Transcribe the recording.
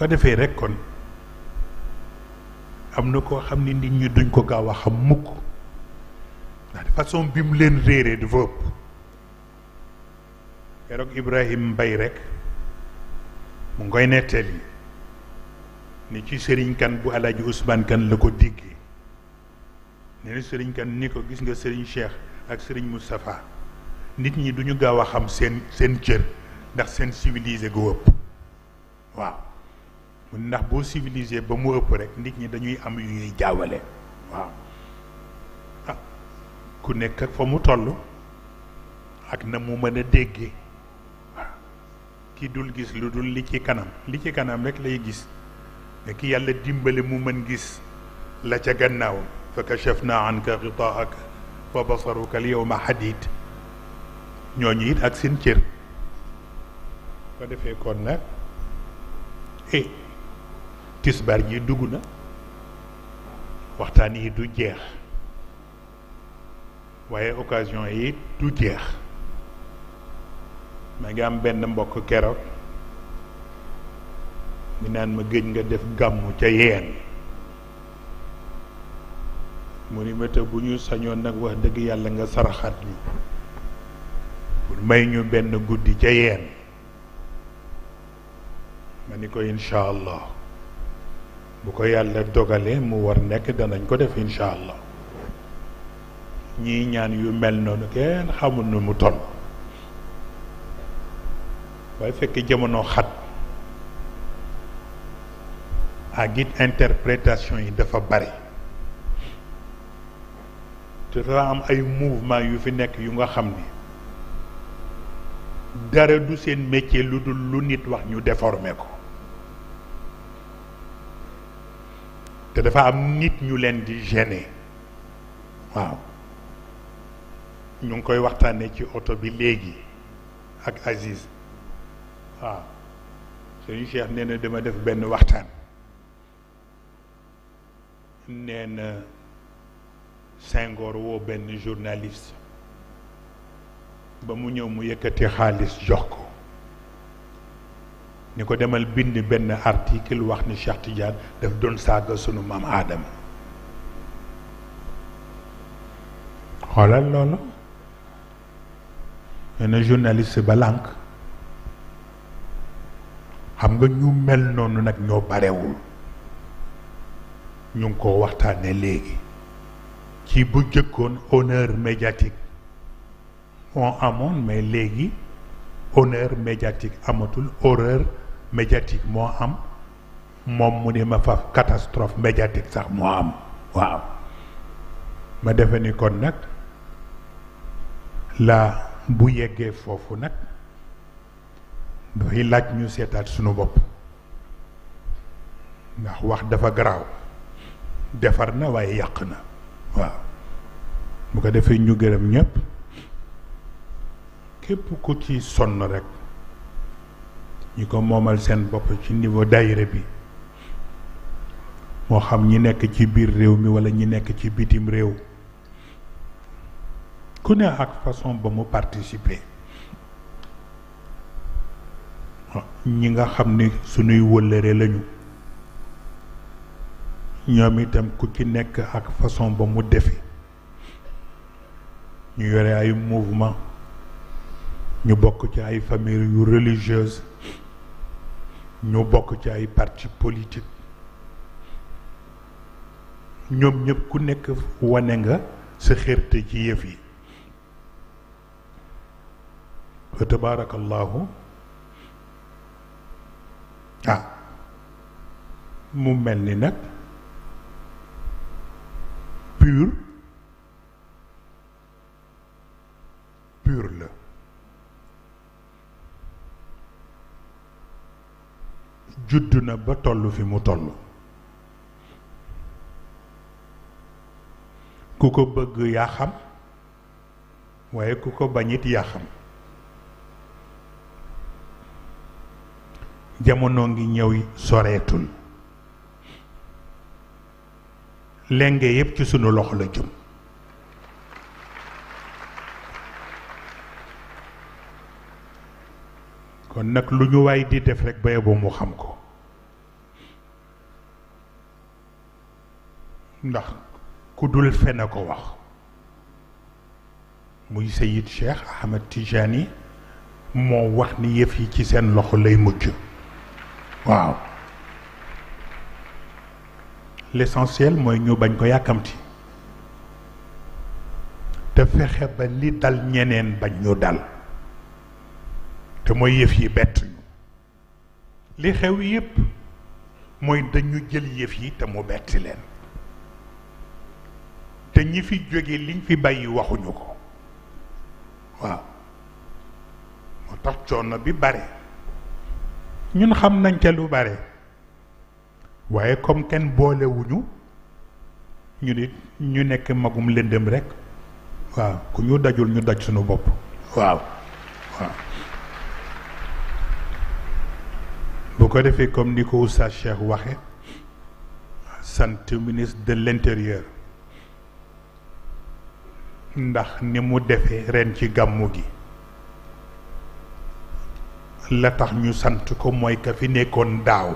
ko defee rek kon am na koo xam ni nit ñi duñ ko gaaw a xam mukk ndax de façon bi mu leen réeree dafa ëpp keroog Ibrahim Mbay rekk mu ngoy nettali ni ci sëriñ kan bu alaaji Ousmane kan la ko diggee ne sëriñ kan ni ko gis nga sëriñ Cheikh ak sëriñ Moustapha nit ñi duñu gaaw a xam seen seen cër ndax seen civilisé gu ëpp waaw mu ndax boo civilisé ba mu ëpp rek nit ñi dañuy am yu ñuy jaawale waaw ah, ku nekk fa mu toll ak na mu mën a déggee waaw ki dul gis lu dul li ci kanam li ci kanam rekk lay gis mais yàlla dimbale mu mën gis la ca gannaaw fa kachafna anka xitaaka fa basaruka al yawma ñooñu it ak seen cër ko defee kon nag eh tisbar ji dugg na waxtaan yi du jeex waaye occasion yi du jeex ma ngi am benn mbokk keroog mi naan ma géej nga def gàmmu ca yeen mu ni méta bu ñu sañoon nag wax dëgg yàlla nga saraxat yi pour may ñu benn guddi ca yeen ma ni ko incha allah bu ko yàlla dogalee mu war nekk danañ ko def incha allah ñiy ñaan yu mel noonu kenn xamul nu mu toll waaye fekk jamono xat ak it interprétation yi dafa bare te dafa am ay mouvement yu fi nekk yu nga xam ni dara du seen métier lu dul lu nit wax ñu déformer ko te dafa am nit ñu leen di gêner waaw ñu ngi koy waxtaanee ci oto bi léegi ak Aziz waaw suñu Cheikh nee na dama def benn waxtaan nee na woo benn journaliste ba mu ñëw mu yëkkati xaalis jox ko ni ko demal bind benn article wax ni Cheikh Tidiane daf doon saaga sunu maam aadam xoolal loolu nee na journaliste xam nga ñu mel noonu nag ñoo barewul ñu ngi ko waxtaane léegi ci bu jëkkoon honneur médiatique moo amoon mais léegi honneur médiatique amatul horreur médiatique moo am moom mu ni ma faf catastrophe médiatique sax moo am waaw ma defe ni kon nag la bu yeggee foofu nag dafay laaj ñu seetaat sunu bopp ndax wax dafa garaaw defar na waaye yàq na waaw bu ko defee ñu gërëm ñépp képp ku ci sonn rekk ñi ko moomal seen bopp ci niveau daayira bi moo xam ñi nekk ci biir réew mi walla ñi nekk ci bitim réew ku ne ak façon ba mu participer ñi nga xam ni suñuy wëllëre lañu ñoom itam ku ci nekk ak façon ba mu defe ñu yore ay mouvement ñu bokk ci ay famille yu religieuse ñoo bokk ci ay parti politique ñoom ñëpp ku nekk wane nga sa xérte ci yëf yi fa tabaarakallaahu ah mu mel ni nag pur judd na ba tollu fi mu toll ku ko bëgg yaa xam waaye ku ko bañit yaa xam jamono ngi ñëw soreetul lenge yépp ci sunu loxo la jëm kon nag lu ñu waay di def rekk ba yeboo mu xam ko ndax ku dul fen a ko wax muy Seyid Cheikh Ahmed Tijani moo wax ni yëf yi ci seen loxo lay mucc waaw l'essentiel mooy ñu bañ ko yàkkamti te fexe ba li dal ñeneen bañ ñu dal te mooy yëf yi bett li xew yépp mooy dañu jël yëf yi te mu betti leen te ñi fi jóge liñ fi bàyyi waxuñu ko waaw moo tax coono bi bare ñun xam nañ ca lu bare waaye comme kenn boolewuñu ñu nit ñu nekk magum lëndëm rekk waaw ku ñu dajul ñu daj suñu bopp waaw waaw bu ko defee comme ni ko Oustaz waxe sant ministre de l'intérieur ndax ni mu defe ren ci gàmmu gi la tax ñu sant ko mooy ko fi nekkoon daaw